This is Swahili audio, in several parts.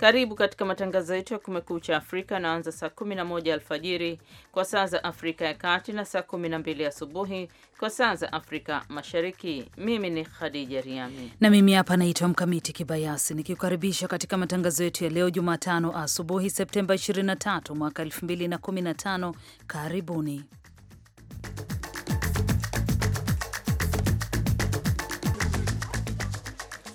Karibu katika matangazo yetu ya Kumekucha Afrika naanza saa 11 alfajiri kwa saa za Afrika ya Kati na saa 12 asubuhi kwa saa za Afrika Mashariki. Mimi ni Khadija Riami na mimi hapa naitwa Mkamiti Kibayasi nikikukaribisha katika matangazo yetu ya leo Jumatano asubuhi Septemba 23 mwaka 2015. Karibuni.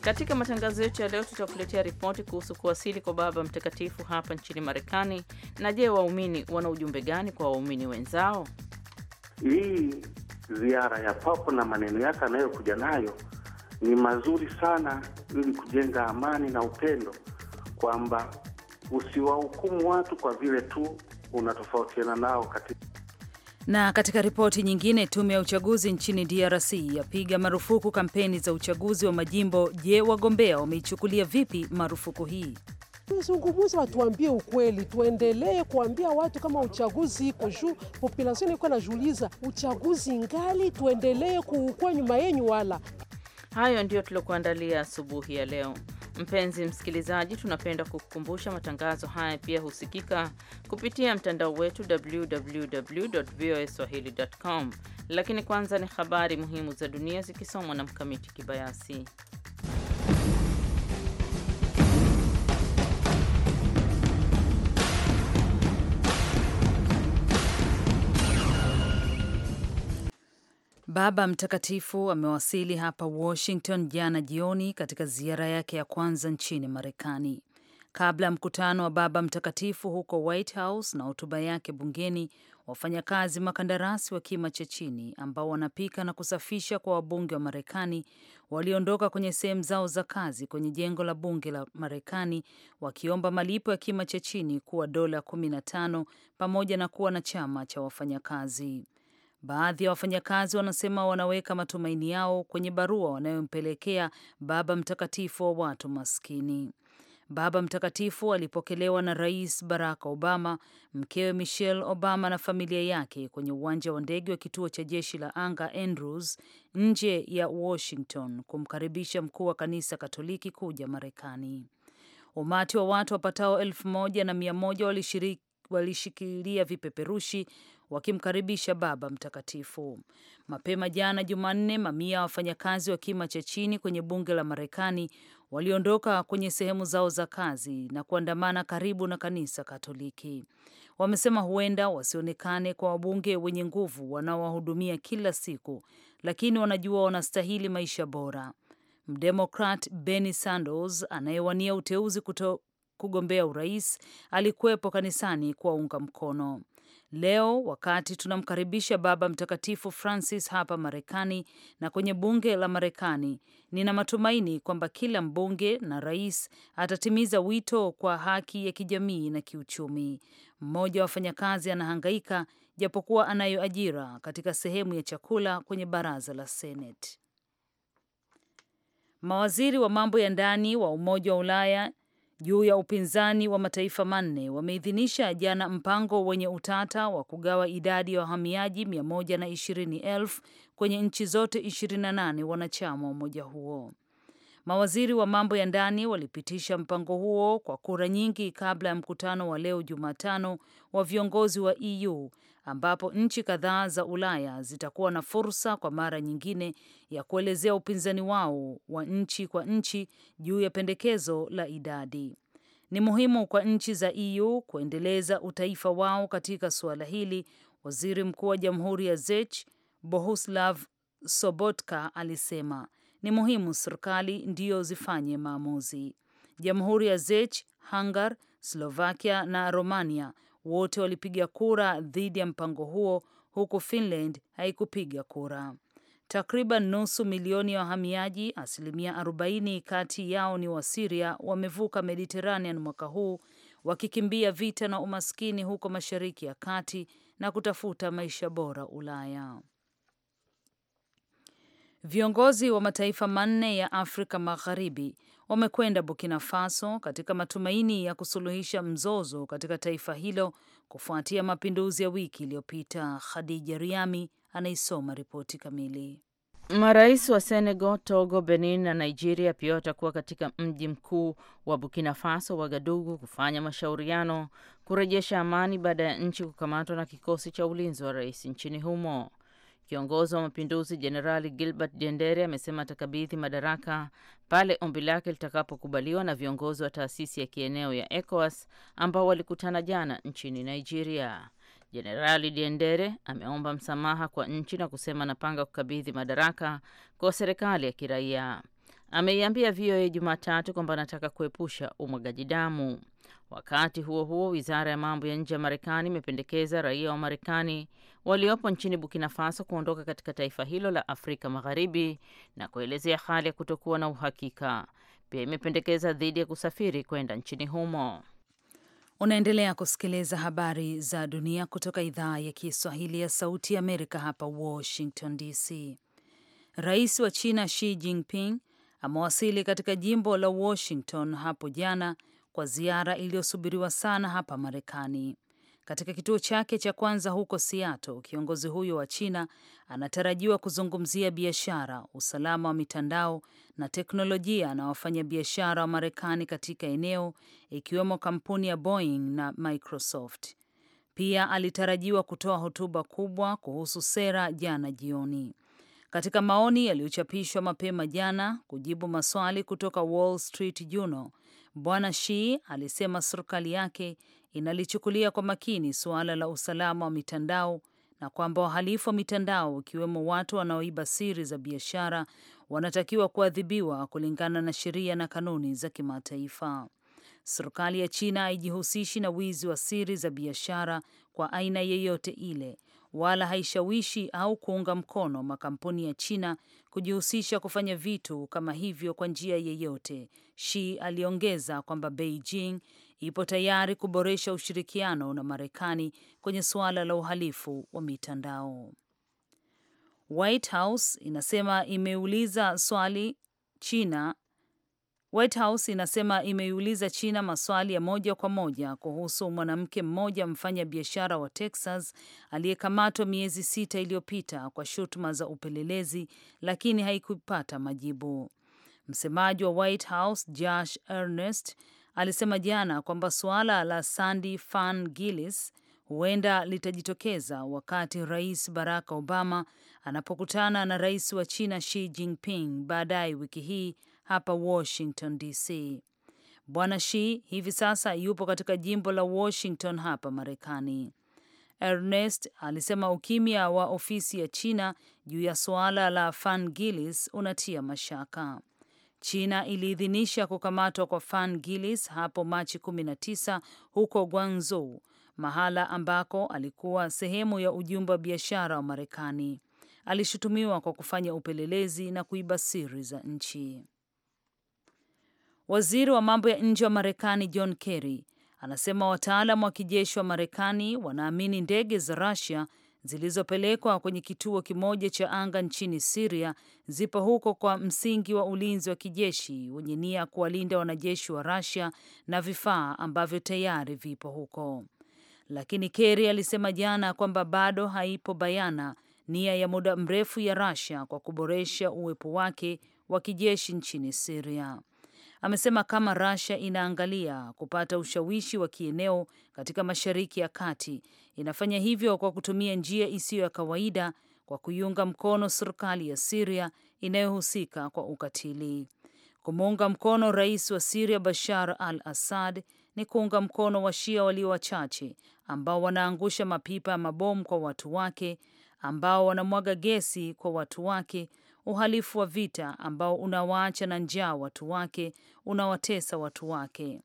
Katika matangazo yetu ya leo tutakuletea ripoti kuhusu kuwasili kwa Baba Mtakatifu hapa nchini Marekani, na je, waumini wana ujumbe gani kwa waumini wenzao? Hii ziara ya papo na maneno yake anayokuja nayo ni mazuri sana, ili kujenga amani na upendo, kwamba usiwahukumu watu kwa vile tu unatofautiana nao katika na katika ripoti nyingine, tume ya uchaguzi nchini DRC yapiga marufuku kampeni za uchaguzi wa majimbo. Je, wagombea wameichukulia vipi marufuku hii? Zungumuza, watuambie ukweli, tuendelee kuambia watu kama uchaguzi iko juu. Populasion iko najuliza uchaguzi ngali, tuendelee kuukua nyuma yenyu wala. Hayo ndiyo tuliokuandalia asubuhi ya leo. Mpenzi msikilizaji, tunapenda kukukumbusha matangazo haya pia husikika kupitia mtandao wetu www www.voaswahili.com. Lakini kwanza ni habari muhimu za dunia zikisomwa na Mkamiti Kibayasi. Baba Mtakatifu amewasili hapa Washington jana jioni katika ziara yake ya kwanza nchini Marekani. Kabla ya mkutano wa Baba Mtakatifu huko White House na hotuba yake bungeni, wafanyakazi makandarasi wa kima cha chini ambao wanapika na kusafisha kwa wabunge wa Marekani waliondoka kwenye sehemu zao za kazi kwenye jengo la bunge la Marekani wakiomba malipo ya kima cha chini kuwa dola 15 pamoja na kuwa na chama cha wafanyakazi. Baadhi ya wafanyakazi wanasema wanaweka matumaini yao kwenye barua wanayompelekea Baba Mtakatifu wa watu maskini. Baba Mtakatifu alipokelewa na Rais Barack Obama, mkewe Michelle Obama na familia yake kwenye uwanja wa ndege wa kituo cha jeshi la anga Andrews nje ya Washington kumkaribisha mkuu wa kanisa Katoliki kuja Marekani. Umati wa watu wapatao elfu moja na mia moja walishikilia vipeperushi wakimkaribisha Baba Mtakatifu. Mapema jana Jumanne, mamia ya wafanyakazi wa kima cha chini kwenye bunge la Marekani waliondoka kwenye sehemu zao za kazi na kuandamana karibu na kanisa Katoliki. Wamesema huenda wasionekane kwa wabunge wenye nguvu wanaowahudumia kila siku, lakini wanajua wanastahili maisha bora. Mdemokrat Bernie Sanders anayewania uteuzi kuto kugombea urais alikuwepo kanisani kuwaunga mkono. Leo wakati tunamkaribisha Baba Mtakatifu Francis hapa Marekani na kwenye bunge la Marekani, nina matumaini kwamba kila mbunge na rais atatimiza wito kwa haki ya kijamii na kiuchumi. Mmoja wa wafanyakazi anahangaika japokuwa anayo ajira katika sehemu ya chakula kwenye baraza la Seneti. Mawaziri wa mambo ya ndani wa Umoja wa Ulaya juu ya upinzani wa mataifa manne wameidhinisha jana mpango wenye utata wa kugawa idadi ya wa wahamiaji 120,000 kwenye nchi zote 28 wanachama wa umoja huo. Mawaziri wa mambo ya ndani walipitisha mpango huo kwa kura nyingi kabla ya mkutano wa leo Jumatano wa viongozi wa EU ambapo nchi kadhaa za Ulaya zitakuwa na fursa kwa mara nyingine ya kuelezea upinzani wao wa nchi kwa nchi juu ya pendekezo la idadi. Ni muhimu kwa nchi za EU kuendeleza utaifa wao katika suala hili, waziri mkuu wa jamhuri ya Czech Bohuslav Sobotka alisema. Ni muhimu serikali ndiyo zifanye maamuzi. Jamhuri ya Czech, Hungary, Slovakia na Romania wote walipiga kura dhidi ya mpango huo, huku Finland haikupiga kura. Takriban nusu milioni ya wahamiaji, asilimia 40 kati yao ni Wasiria, wamevuka Mediteranean mwaka huu wakikimbia vita na umaskini huko Mashariki ya Kati na kutafuta maisha bora Ulaya. Viongozi wa mataifa manne ya Afrika Magharibi wamekwenda Burkina Faso katika matumaini ya kusuluhisha mzozo katika taifa hilo kufuatia mapinduzi ya wiki iliyopita. Khadija Riami anaisoma ripoti kamili. Marais wa Senegal, Togo, Benin na Nigeria pia watakuwa katika mji mkuu wa Burkina Faso, Wagadugu, kufanya mashauriano kurejesha amani baada ya nchi kukamatwa na kikosi cha ulinzi wa rais nchini humo. Kiongozi wa mapinduzi Jenerali Gilbert Diendere amesema atakabidhi madaraka pale ombi lake litakapokubaliwa na viongozi wa taasisi ya kieneo ya ECOWAS ambao walikutana jana nchini Nigeria. Jenerali Diendere ameomba msamaha kwa nchi na kusema anapanga kukabidhi madaraka kwa serikali ya kiraia. Ameiambia VOA Jumatatu kwamba anataka kuepusha umwagaji damu. Wakati huo huo, wizara ya mambo ya nje ya Marekani imependekeza raia wa Marekani waliopo nchini Burkina Faso kuondoka katika taifa hilo la Afrika Magharibi na kuelezea hali ya kutokuwa na uhakika. Pia imependekeza dhidi ya kusafiri kwenda nchini humo. Unaendelea kusikiliza habari za dunia kutoka idhaa ya Kiswahili ya Sauti ya Amerika hapa Washington DC. Rais wa China Xi Jinping amewasili katika jimbo la Washington hapo jana kwa ziara iliyosubiriwa sana hapa Marekani. Katika kituo chake cha kwanza huko Seattle, kiongozi huyo wa China anatarajiwa kuzungumzia biashara, usalama wa mitandao na teknolojia na wafanyabiashara wa Marekani katika eneo, ikiwemo kampuni ya Boeing na Microsoft. Pia alitarajiwa kutoa hotuba kubwa kuhusu sera jana jioni. Katika maoni yaliyochapishwa mapema jana kujibu maswali kutoka Wall Street Journal, Bwana shi alisema serikali yake inalichukulia kwa makini suala la usalama wa mitandao na kwamba wahalifu wa mitandao ikiwemo watu wanaoiba siri za biashara wanatakiwa kuadhibiwa kulingana na sheria na kanuni za kimataifa. Serikali ya China haijihusishi na wizi wa siri za biashara kwa aina yeyote ile, wala haishawishi au kuunga mkono makampuni ya China kujihusisha kufanya vitu kama hivyo kwa njia yeyote. Shi aliongeza kwamba Beijing ipo tayari kuboresha ushirikiano na Marekani kwenye suala la uhalifu wa mitandao. White House inasema imeuliza swali China White House inasema imeiuliza China maswali ya moja kwa moja kuhusu mwanamke mmoja mfanya biashara wa Texas aliyekamatwa miezi sita iliyopita kwa shutuma za upelelezi lakini haikupata majibu. Msemaji wa White House Josh Earnest alisema jana kwamba suala la Sandy Fan Gillis huenda litajitokeza wakati Rais Barack Obama anapokutana na rais wa China Xi Jinping baadaye wiki hii hapa Washington DC. Bwana Xi hivi sasa yupo katika jimbo la Washington hapa Marekani. Ernest alisema ukimya wa ofisi ya China juu ya suala la fan gillis unatia mashaka. China iliidhinisha kukamatwa kwa Fan gillis hapo Machi 19 huko Guangzhou, mahala ambako alikuwa sehemu ya ujumbe wa biashara wa Marekani. Alishutumiwa kwa kufanya upelelezi na kuiba siri za nchi. Waziri wa mambo ya nje wa Marekani John Kerry anasema wataalam wa kijeshi wa Marekani wanaamini ndege za Russia zilizopelekwa kwenye kituo kimoja cha anga nchini Siria zipo huko kwa msingi wa ulinzi wa kijeshi wenye nia ya kuwalinda wanajeshi wa rasia na vifaa ambavyo tayari vipo huko. Lakini Kerry alisema jana kwamba bado haipo bayana nia ya muda mrefu ya Russia kwa kuboresha uwepo wake wa kijeshi nchini Siria amesema kama Russia inaangalia kupata ushawishi wa kieneo katika Mashariki ya Kati, inafanya hivyo kwa kutumia njia isiyo ya kawaida kwa kuiunga mkono serikali ya siria inayohusika kwa ukatili. Kumuunga mkono rais wa siria Bashar al-Assad ni kuunga mkono washia walio wachache ambao wanaangusha mapipa ya mabomu kwa watu wake, ambao wanamwaga gesi kwa watu wake uhalifu wa vita ambao unawaacha na njaa watu wake, unawatesa watu wake.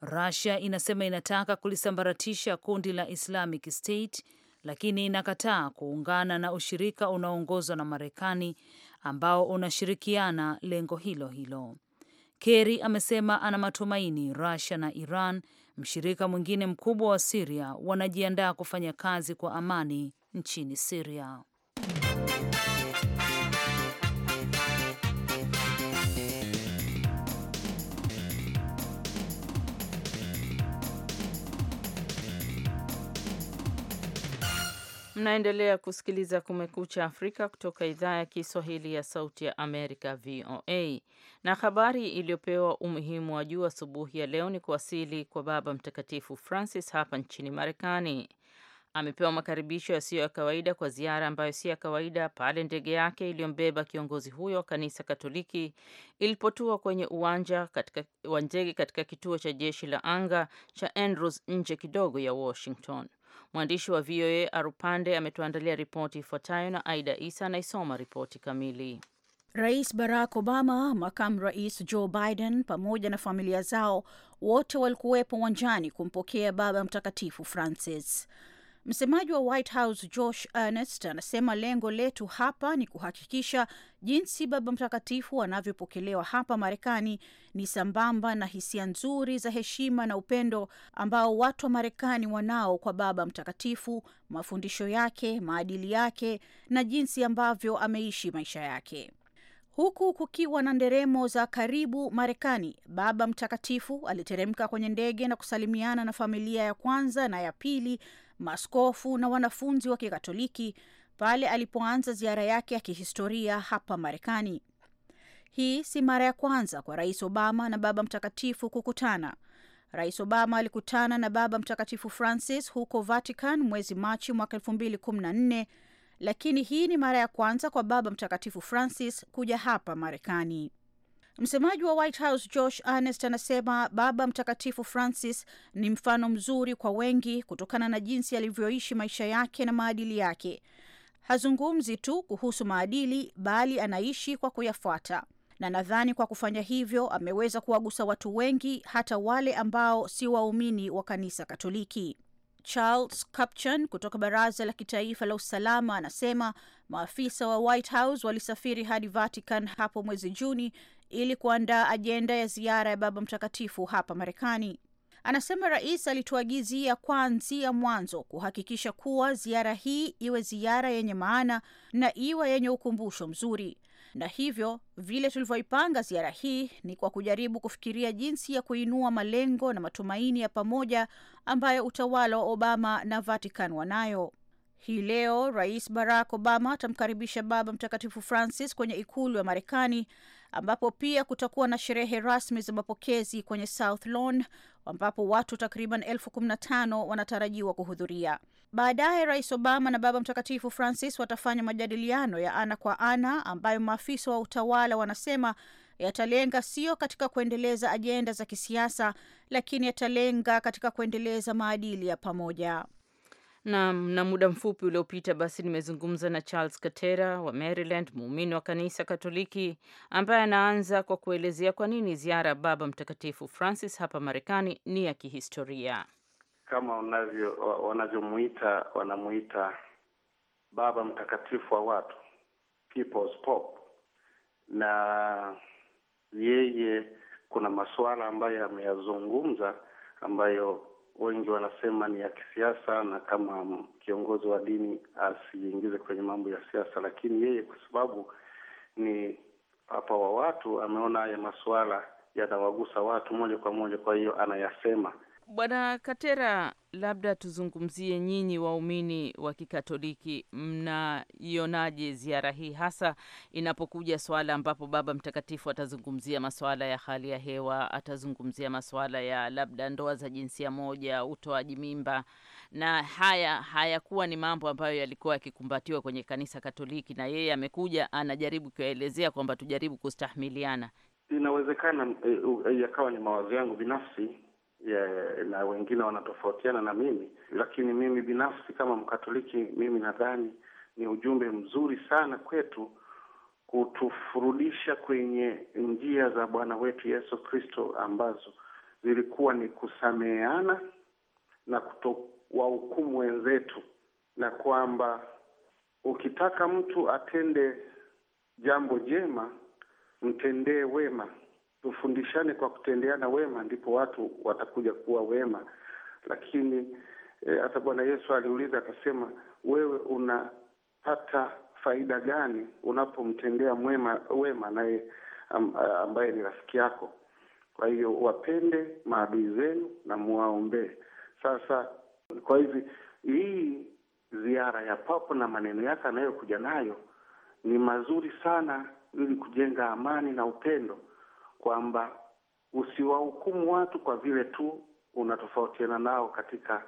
Russia inasema inataka kulisambaratisha kundi la Islamic State lakini inakataa kuungana na ushirika unaoongozwa na Marekani ambao unashirikiana lengo hilo hilo. Kerry amesema ana matumaini Russia na Iran, mshirika mwingine mkubwa wa Syria, wanajiandaa kufanya kazi kwa amani nchini Syria. Mnaendelea kusikiliza Kumekucha Afrika kutoka idhaa ya Kiswahili ya Sauti ya Amerika, VOA. Na habari iliyopewa umuhimu wa juu asubuhi ya leo ni kuwasili kwa Baba Mtakatifu Francis hapa nchini Marekani. Amepewa makaribisho yasiyo ya kawaida kwa ziara ambayo si ya kawaida pale ndege yake iliyombeba kiongozi huyo wa kanisa Katoliki ilipotua kwenye uwanja wa ndege katika kituo cha jeshi la anga cha Andrews nje kidogo ya Washington. Mwandishi wa VOA Arupande ametuandalia ripoti ifuatayo na Aida Isa anaisoma ripoti kamili. Rais Barack Obama, makamu rais Joe Biden pamoja na familia zao wote walikuwepo uwanjani kumpokea Baba Mtakatifu Francis. Msemaji wa White House Josh anasema lengo letu hapa ni kuhakikisha jinsi Baba Mtakatifu anavyopokelewa hapa Marekani ni sambamba na hisia nzuri za heshima na upendo ambao watu wa Marekani wanao kwa Baba Mtakatifu, mafundisho yake, maadili yake na jinsi ambavyo ameishi maisha yake. Huku kukiwa na nderemo za karibu Marekani, Baba Mtakatifu aliteremka kwenye ndege na kusalimiana na familia ya kwanza na ya pili maskofu na wanafunzi wa Kikatoliki pale alipoanza ziara yake ya kihistoria hapa Marekani. Hii si mara ya kwanza kwa Rais Obama na Baba Mtakatifu kukutana. Rais Obama alikutana na Baba Mtakatifu Francis huko Vatican mwezi Machi mwaka 2014, lakini hii ni mara ya kwanza kwa Baba Mtakatifu Francis kuja hapa Marekani. Msemaji wa White House Josh Earnest anasema Baba Mtakatifu Francis ni mfano mzuri kwa wengi kutokana na jinsi alivyoishi maisha yake na maadili yake. Hazungumzi tu kuhusu maadili, bali anaishi kwa kuyafuata, na nadhani kwa kufanya hivyo ameweza kuwagusa watu wengi, hata wale ambao si waumini wa kanisa Katoliki. Charles Kupchan kutoka Baraza la Kitaifa la Usalama anasema maafisa wa White House walisafiri hadi Vatican hapo mwezi Juni ili kuandaa ajenda ya ziara ya Baba Mtakatifu hapa Marekani. Anasema rais alituagizia kuanzia mwanzo kuhakikisha kuwa ziara hii iwe ziara yenye maana na iwe yenye ukumbusho mzuri, na hivyo vile tulivyoipanga ziara hii ni kwa kujaribu kufikiria jinsi ya kuinua malengo na matumaini ya pamoja ambayo utawala wa Obama na Vatican wanayo. Hii leo Rais Barack Obama atamkaribisha Baba Mtakatifu Francis kwenye ikulu ya Marekani ambapo pia kutakuwa na sherehe rasmi za mapokezi kwenye South Lawn ambapo watu takriban elfu kumi na tano wanatarajiwa kuhudhuria. Baadaye Rais Obama na Baba Mtakatifu Francis watafanya majadiliano ya ana kwa ana ambayo maafisa wa utawala wanasema yatalenga sio katika kuendeleza ajenda za kisiasa, lakini yatalenga katika kuendeleza maadili ya pamoja. Na, na muda mfupi uliopita basi nimezungumza na Charles Katera wa Maryland, muumini wa kanisa Katoliki ambaye anaanza kwa kuelezea kwa nini ziara ya Baba Mtakatifu Francis hapa Marekani ni ya kihistoria. Kama wanavyomwita wanavyomuita wanamuita Baba Mtakatifu wa watu, People's Pope, na yeye kuna masuala ambayo ameyazungumza ambayo wengi wanasema ni ya kisiasa, na kama kiongozi wa dini asiingize kwenye mambo ya siasa, lakini yeye kwa sababu ni hapa wa watu, ameona haya masuala yanawagusa watu moja kwa moja, kwa hiyo anayasema. Bwana Katera, labda tuzungumzie nyinyi waumini wa Kikatoliki, mnaionaje ziara hii, hasa inapokuja swala ambapo Baba Mtakatifu atazungumzia masuala ya hali ya hewa, atazungumzia masuala ya labda ndoa za jinsia moja, utoaji mimba, na haya hayakuwa ni mambo ambayo yalikuwa yakikumbatiwa kwenye kanisa Katoliki, na yeye amekuja anajaribu kuyaelezea kwamba tujaribu kustahimiliana. Inawezekana eh, yakawa ni mawazo yangu binafsi ya, na wengine wanatofautiana na mimi, lakini mimi binafsi kama Mkatoliki, mimi nadhani ni ujumbe mzuri sana kwetu kutufurudisha kwenye njia za Bwana wetu Yesu Kristo ambazo zilikuwa ni kusameheana na kutowahukumu wenzetu, na kwamba ukitaka mtu atende jambo jema mtendee wema, Tufundishane kwa kutendeana wema, ndipo watu watakuja kuwa wema. Lakini eh, hata e, Bwana Yesu aliuliza akasema, wewe unapata faida gani unapomtendea mwema wema naye ambaye ni rafiki yako? Kwa hiyo wapende maadui zenu na muwaombee. Sasa kwa hivi hii ziara ya papo na maneno yake anayokuja nayo ni mazuri sana, ili kujenga amani na upendo kwamba usiwahukumu watu kwa vile tu unatofautiana nao katika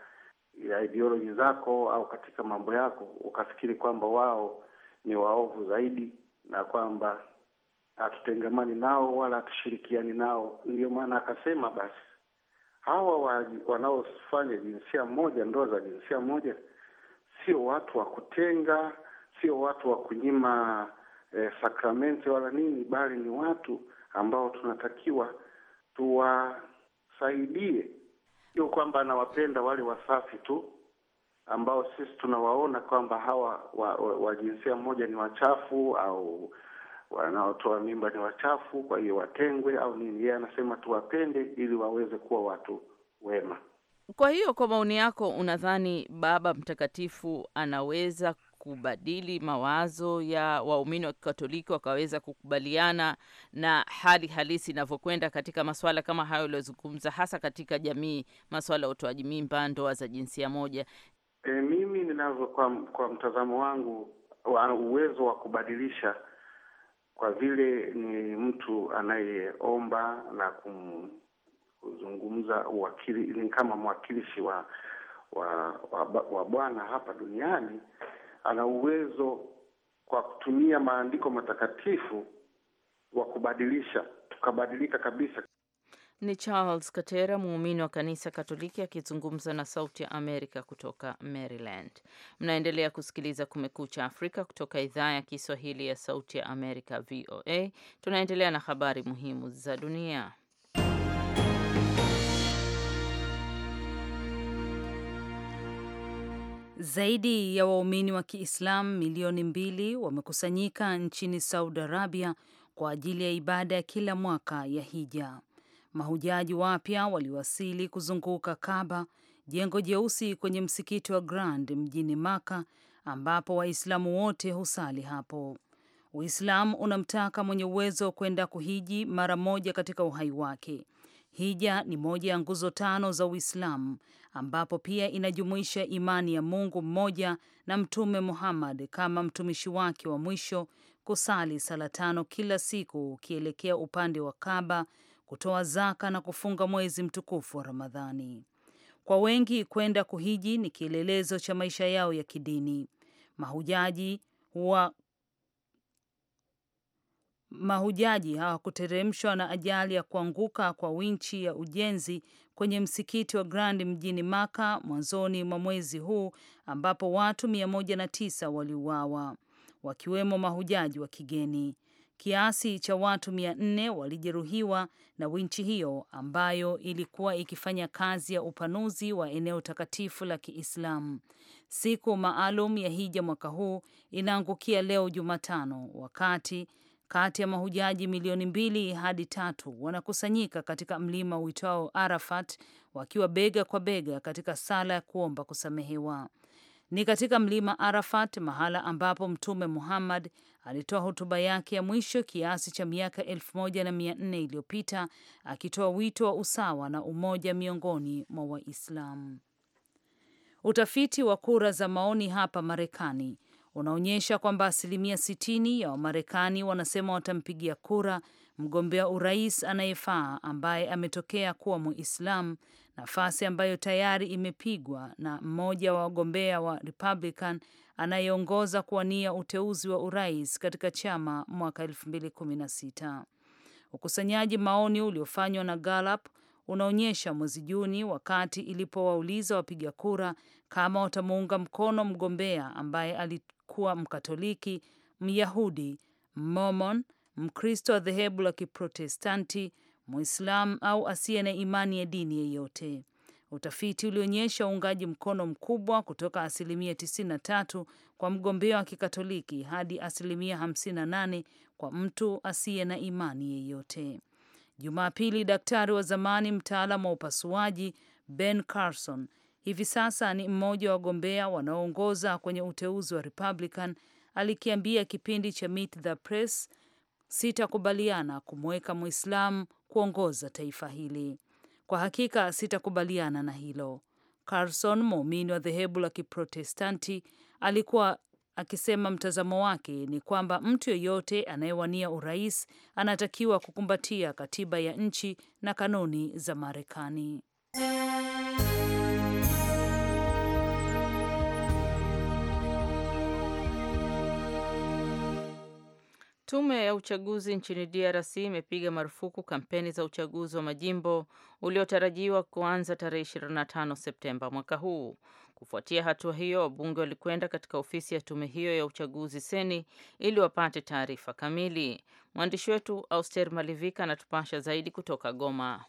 ideoloji zako au katika mambo yako, ukafikiri kwamba wao ni waovu zaidi na kwamba hatutengamani nao wala hatushirikiani nao. Ndio maana akasema basi hawa wanaofanya jinsia moja, ndoa za jinsia moja, sio watu wa kutenga, sio watu wa kunyima eh, sakramenti wala nini, bali ni watu ambao tunatakiwa tuwasaidie, sio kwamba anawapenda wale wasafi tu ambao sisi tunawaona kwamba hawa wa, wa, wa jinsia moja ni wachafu au wanaotoa mimba ni wachafu, kwa hiyo watengwe au nini. Yeye anasema tuwapende ili waweze kuwa watu wema. Kwa hiyo kwa maoni yako, unadhani Baba Mtakatifu anaweza kubadili mawazo ya waumini wa Kikatoliki wakaweza kukubaliana na hali halisi inavyokwenda katika masuala kama hayo uliozungumza, hasa katika jamii, maswala ya utoaji mimba, ndoa za jinsia moja. E, mimi ninavyo kwa, kwa mtazamo wangu wa uwezo wa kubadilisha kwa vile ni mtu anayeomba na kum, kuzungumza uwakili, ni kama mwakilishi wa wa, wa, wa Bwana hapa duniani ana uwezo kwa kutumia maandiko matakatifu wa kubadilisha, tukabadilika kabisa. Ni Charles Katera, muumini wa kanisa Katoliki akizungumza na Sauti ya Amerika kutoka Maryland. Mnaendelea kusikiliza Kumekucha Afrika kutoka idhaa ya Kiswahili ya Sauti ya Amerika, VOA. Tunaendelea na habari muhimu za dunia. Zaidi ya waumini wa Kiislamu milioni mbili wamekusanyika nchini Saudi Arabia kwa ajili ya ibada ya kila mwaka ya hija. Mahujaji wapya waliwasili kuzunguka kaba jengo jeusi kwenye msikiti wa Grand mjini Maka, ambapo Waislamu wote husali hapo. Uislamu unamtaka mwenye uwezo kwenda kuhiji mara moja katika uhai wake. Hija ni moja ya nguzo tano za Uislamu, ambapo pia inajumuisha imani ya Mungu mmoja na Mtume Muhammad kama mtumishi wake wa mwisho, kusali sala tano kila siku ukielekea upande wa Kaba, kutoa zaka na kufunga mwezi mtukufu wa Ramadhani. Kwa wengi kwenda kuhiji ni kielelezo cha maisha yao ya kidini. Mahujaji huwa mahujaji hawakuteremshwa na ajali ya kuanguka kwa winchi ya ujenzi kwenye msikiti wa Grand mjini Maka mwanzoni mwa mwezi huu ambapo watu 109 waliuawa wakiwemo mahujaji wa kigeni. Kiasi cha watu 400 walijeruhiwa na winchi hiyo ambayo ilikuwa ikifanya kazi ya upanuzi wa eneo takatifu la Kiislamu. Siku maalum ya hija mwaka huu inaangukia leo Jumatano, wakati kati ya mahujaji milioni mbili hadi tatu wanakusanyika katika mlima uitwao Arafat wakiwa bega kwa bega katika sala ya kuomba kusamehewa. Ni katika mlima Arafat, mahala ambapo Mtume Muhammad alitoa hotuba yake ya mwisho kiasi cha miaka elfu moja na mia nne iliyopita akitoa wito wa usawa na umoja miongoni mwa Waislamu. Utafiti wa kura za maoni hapa Marekani unaonyesha kwamba asilimia 60 ya Wamarekani wanasema watampigia kura mgombea urais anayefaa ambaye ametokea kuwa Muislam, nafasi ambayo tayari imepigwa na mmoja wa wagombea wa Republican anayeongoza kuwania uteuzi wa urais katika chama mwaka 2016. Ukusanyaji maoni uliofanywa na Gallup unaonyesha mwezi Juni, wakati ilipowauliza wapiga kura kama watamuunga mkono mgombea ambaye kuwa Mkatoliki, Myahudi, Mmormon, Mkristo wa dhehebu la Kiprotestanti, Mwislamu au asiye na imani ya dini yeyote. Utafiti ulionyesha uungaji mkono mkubwa kutoka asilimia 93 kwa mgombea wa Kikatoliki hadi asilimia 58 kwa mtu asiye na imani yeyote. Jumapili, daktari wa zamani mtaalamu wa upasuaji Ben Carson hivi sasa ni mmoja wa wagombea wanaoongoza kwenye uteuzi wa Republican, alikiambia kipindi cha Meet the Press, sitakubaliana kumweka Mwislamu kuongoza taifa hili. Kwa hakika sitakubaliana na hilo. Carson, muumini wa dhehebu la Kiprotestanti, alikuwa akisema mtazamo wake ni kwamba mtu yeyote anayewania urais anatakiwa kukumbatia katiba ya nchi na kanuni za Marekani. Tume ya uchaguzi nchini DRC imepiga marufuku kampeni za uchaguzi wa majimbo uliotarajiwa kuanza tarehe 25 Septemba mwaka huu. Kufuatia hatua hiyo, wabunge walikwenda katika ofisi ya tume hiyo ya uchaguzi seni ili wapate taarifa kamili. Mwandishi wetu Auster Malivika anatupasha zaidi kutoka Goma.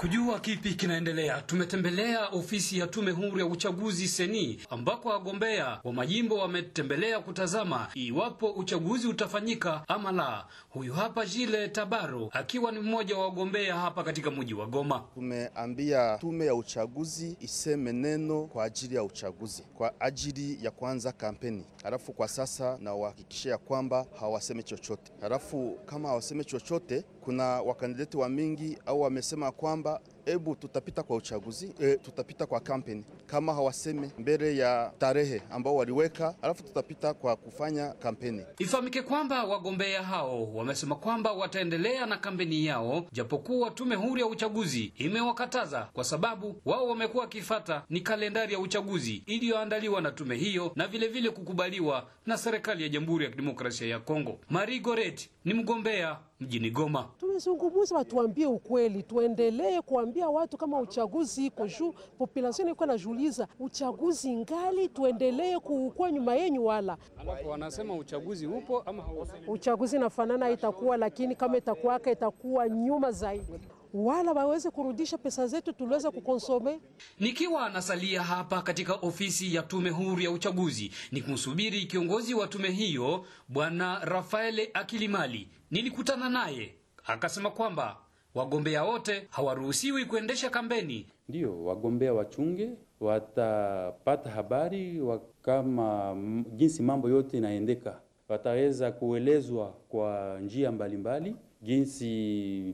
Kujua kipi kinaendelea, tumetembelea ofisi ya Tume Huru ya Uchaguzi seni ambako wagombea wa majimbo wametembelea kutazama iwapo uchaguzi utafanyika ama la. Huyu hapa Jile Tabaro akiwa ni mmoja wa wagombea hapa katika mji wa Goma. Tumeambia tume ya uchaguzi iseme neno kwa ajili ya uchaguzi, kwa ajili ya kuanza kampeni. Halafu kwa sasa na ya kwamba hawaseme chochote. Halafu kama hawaseme chochote, kuna wakandidati wa mingi au wamesema kwamba number hebu tutapita kwa uchaguzi e, tutapita kwa kampeni kama hawasemi mbele ya tarehe ambao waliweka, alafu tutapita kwa kufanya kampeni. Ifahamike kwamba wagombea hao wamesema kwamba wataendelea na kampeni yao, japokuwa tume huru ya uchaguzi imewakataza kwa sababu wao wamekuwa wakifata ni kalendari ya uchaguzi iliyoandaliwa na tume hiyo na vilevile vile kukubaliwa na serikali ya Jamhuri ya Kidemokrasia ya Kongo. Marie Goret ni mgombea mjini Goma. Tumezungumza, watuambie ukweli, tuendelee kuambia kuambia watu kama uchaguzi iko juu, population iko najiuliza uchaguzi ngali tuendelee kuukua nyuma yenyu, wala wanasema uchaguzi upo ama hauko, uchaguzi nafanana itakuwa, lakini kama itakuwaka itakuwa nyuma zaidi wala waweze kurudisha pesa zetu tuliweza kukonsome. Nikiwa nasalia hapa katika ofisi ya tume huru ya uchaguzi nikumsubiri kiongozi wa tume hiyo Bwana Rafaele Akilimali, nilikutana naye akasema kwamba wagombea wote hawaruhusiwi kuendesha kampeni. Ndiyo, wagombea wachunge, watapata habari kama jinsi mambo yote inaendeka, wataweza kuelezwa kwa njia mbalimbali mbali, jinsi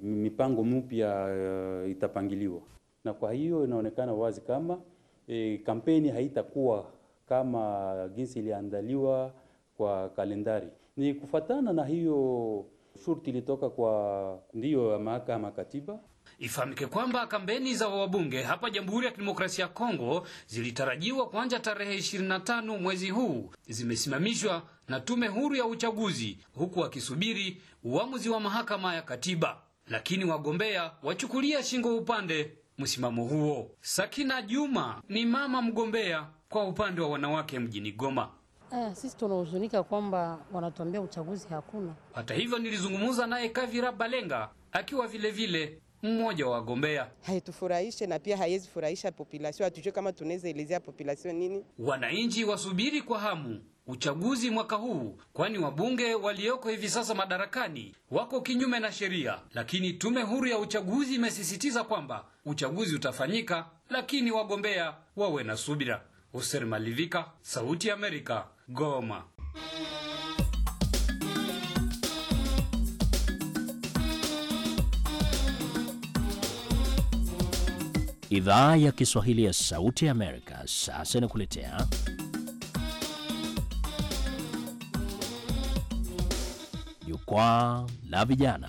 mipango mpya uh, eh, itapangiliwa, na kwa hiyo inaonekana wazi kama e, kampeni haitakuwa kama jinsi iliandaliwa kwa kalendari. Ni kufatana na hiyo Shurti ilitoka kwa ndio ya mahakama katiba. Ifahamike kwamba kampeni za wabunge hapa Jamhuri ya Kidemokrasia ya Kongo zilitarajiwa kuanza tarehe 25 mwezi huu, zimesimamishwa na tume huru ya uchaguzi, huku wakisubiri uamuzi wa mahakama ya katiba, lakini wagombea wachukulia shingo upande msimamo huo. Sakina Juma ni mama mgombea kwa upande wa wanawake mjini Goma. Eh, sisi tunahuzunika kwamba wanatuambia uchaguzi hakuna. Hata hivyo nilizungumza naye Kavira Balenga akiwa vilevile mmoja wa wagombea. Haitufurahishe na pia haiwezi furahisha population. Hatujue kama tunaweza elezea population nini. Wananchi wasubiri kwa hamu uchaguzi mwaka huu, kwani wabunge walioko hivi sasa madarakani wako kinyume na sheria, lakini tume huru ya uchaguzi imesisitiza kwamba uchaguzi utafanyika, lakini wagombea wawe na subira. Hussein Malivika, Sauti ya Amerika, Goma. Idhaa ya Kiswahili ya Sauti ya Amerika sasa inakuletea Jukwaa la Vijana.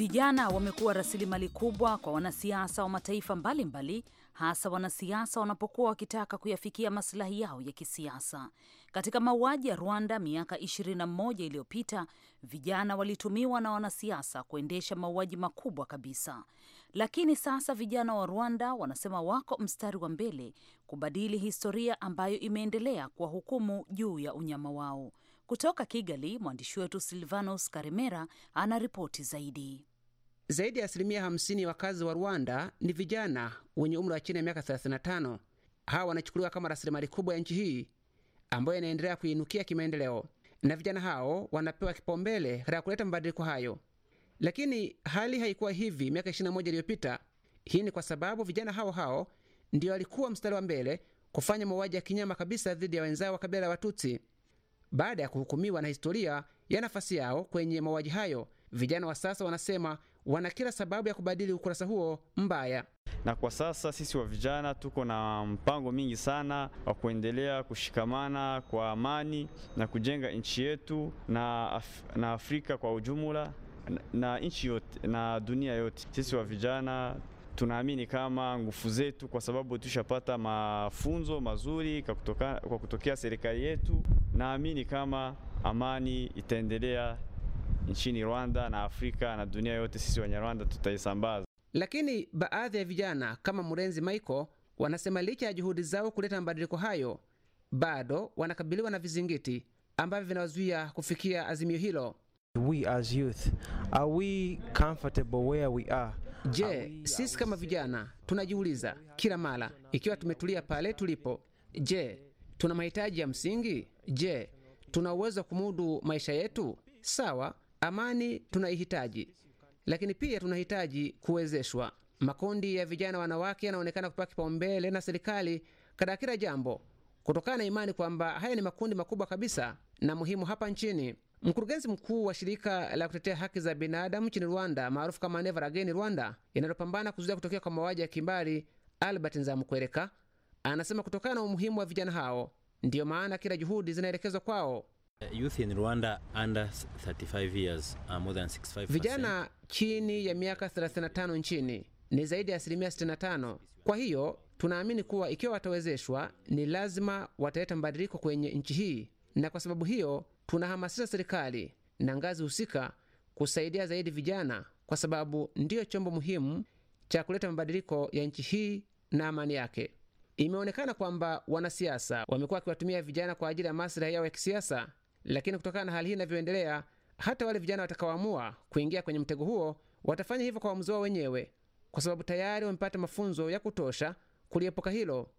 Vijana wamekuwa rasilimali kubwa kwa wanasiasa wa mataifa mbalimbali mbali, hasa wanasiasa wanapokuwa wakitaka kuyafikia masilahi yao ya kisiasa. Katika mauaji ya Rwanda miaka 21 iliyopita, vijana walitumiwa na wanasiasa kuendesha mauaji makubwa kabisa. Lakini sasa vijana wa Rwanda wanasema wako mstari wa mbele kubadili historia ambayo imeendelea hukumu juu ya unyama wao. Kutoka Kigali, mwandishi wetu Silvanus Karimera ana ripoti zaidi. Zaidi ya asilimia 50 wakazi wa Rwanda ni vijana wenye umri wa chini ya miaka 35. Hawa wanachukuliwa kama rasilimali kubwa ya nchi hii ambayo inaendelea kuinukia kimaendeleo, na vijana hao wanapewa kipaumbele katika kuleta mabadiliko hayo. Lakini hali haikuwa hivi miaka 21 iliyopita. Hii ni kwa sababu vijana hao hao ndio walikuwa mstari wa mbele kufanya mauaji ya kinyama kabisa dhidi ya wenzao wa kabila la Watutsi. Baada ya kuhukumiwa na historia ya nafasi yao kwenye mauaji hayo, vijana wa sasa wanasema wana kila sababu ya kubadili ukurasa huo mbaya. Na kwa sasa sisi wa vijana tuko na mpango mingi sana wa kuendelea kushikamana kwa amani na kujenga nchi yetu na, Af na Afrika kwa ujumla na, na nchi yote na dunia yote. Sisi wa vijana tunaamini kama nguvu zetu, kwa sababu tushapata mafunzo mazuri kwa kutokea serikali yetu, naamini kama amani itaendelea nchini Rwanda na Afrika na dunia yote, sisi Rwanda tutaisambaza. Lakini baadhi ya vijana kama Murenzi Michael wanasema licha ya juhudi zao kuleta mabadiliko hayo, bado wanakabiliwa na vizingiti ambavyo vinawazuia kufikia azimio hilo. We as youth, are we comfortable where we are? Je, sisi kama vijana tunajiuliza kila mara ikiwa tumetulia pale tulipo, je, tuna mahitaji ya msingi? Je, tuna uwezo wa kumudu maisha yetu? Sawa, Amani tunaihitaji, lakini pia tunahitaji kuwezeshwa. Makundi ya vijana wanawake yanaonekana kupewa kipaumbele na serikali katika kila jambo, kutokana na imani kwamba haya ni makundi makubwa kabisa na muhimu hapa nchini. Mkurugenzi mkuu wa shirika la kutetea haki za binadamu nchini Rwanda maarufu kama Never Again Rwanda, inalopambana kuzuia kutokea kwa mauaji ya kimbari, Albert Nzamukwereka anasema kutokana na umuhimu wa vijana hao, ndiyo maana kila juhudi zinaelekezwa kwao. Eh, youth in Rwanda under 35 years, uh, more than 65%. Vijana chini ya miaka 35 nchini ni zaidi ya asilimia 65. Kwa hiyo tunaamini kuwa ikiwa watawezeshwa, ni lazima wataleta mabadiliko kwenye nchi hii, na kwa sababu hiyo tunahamasisha serikali na ngazi husika kusaidia zaidi vijana, kwa sababu ndiyo chombo muhimu cha kuleta mabadiliko ya nchi hii na amani yake. Imeonekana kwamba wanasiasa wamekuwa wakiwatumia vijana kwa ajili ya maslahi yao ya kisiasa. Lakini kutokana na hali hii inavyoendelea, hata wale vijana watakaoamua kuingia kwenye mtego huo watafanya hivyo kwa uamuzi wao wenyewe, kwa sababu tayari wamepata mafunzo ya kutosha kuliepuka hilo.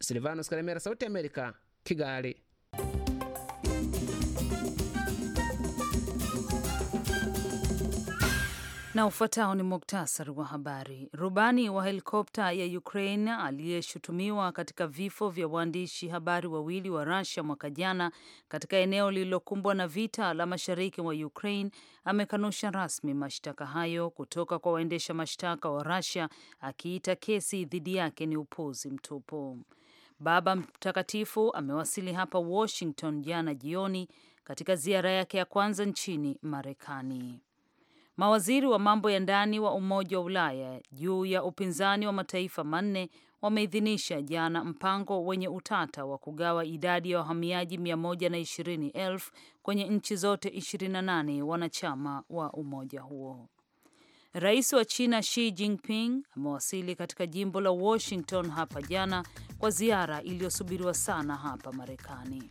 Silvanos Karemera, Sauti ya Amerika, Kigali. Na ufuatao ni muktasari wa habari. Rubani wa helikopta ya Ukraine aliyeshutumiwa katika vifo vya waandishi habari wawili wa Russia mwaka jana katika eneo lililokumbwa na vita la mashariki mwa Ukraine amekanusha rasmi mashtaka hayo kutoka kwa waendesha mashtaka wa Russia, akiita kesi dhidi yake ni upuzi mtupu. Baba Mtakatifu amewasili hapa Washington jana jioni katika ziara yake ya kwanza nchini Marekani. Mawaziri wa mambo ya ndani wa Umoja wa Ulaya juu ya upinzani wa mataifa manne wameidhinisha jana mpango wenye utata wa kugawa idadi ya wahamiaji 120,000 kwenye nchi zote 28 wanachama wa umoja huo. Rais wa China Xi Jinping amewasili katika jimbo la Washington hapa jana kwa ziara iliyosubiriwa sana hapa Marekani.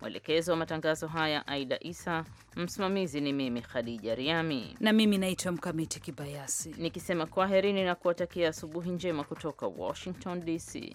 mwelekezo wa matangazo haya Aida Isa, msimamizi ni mimi Khadija Riami na mimi naitwa Mkamiti Kibayasi, nikisema kwaherini na kuwatakia asubuhi njema kutoka Washington DC.